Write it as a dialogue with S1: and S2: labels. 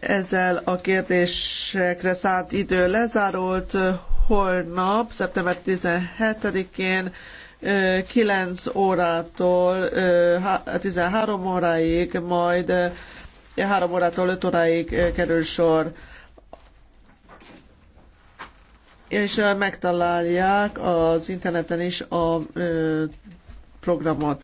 S1: Ezzel a kérdésekre szánt idő lezárult. Holnap, szeptember 17-én 9 órától 13 óráig, majd 3 órától 5 óráig kerül sor. És megtalálják az interneten is a programot.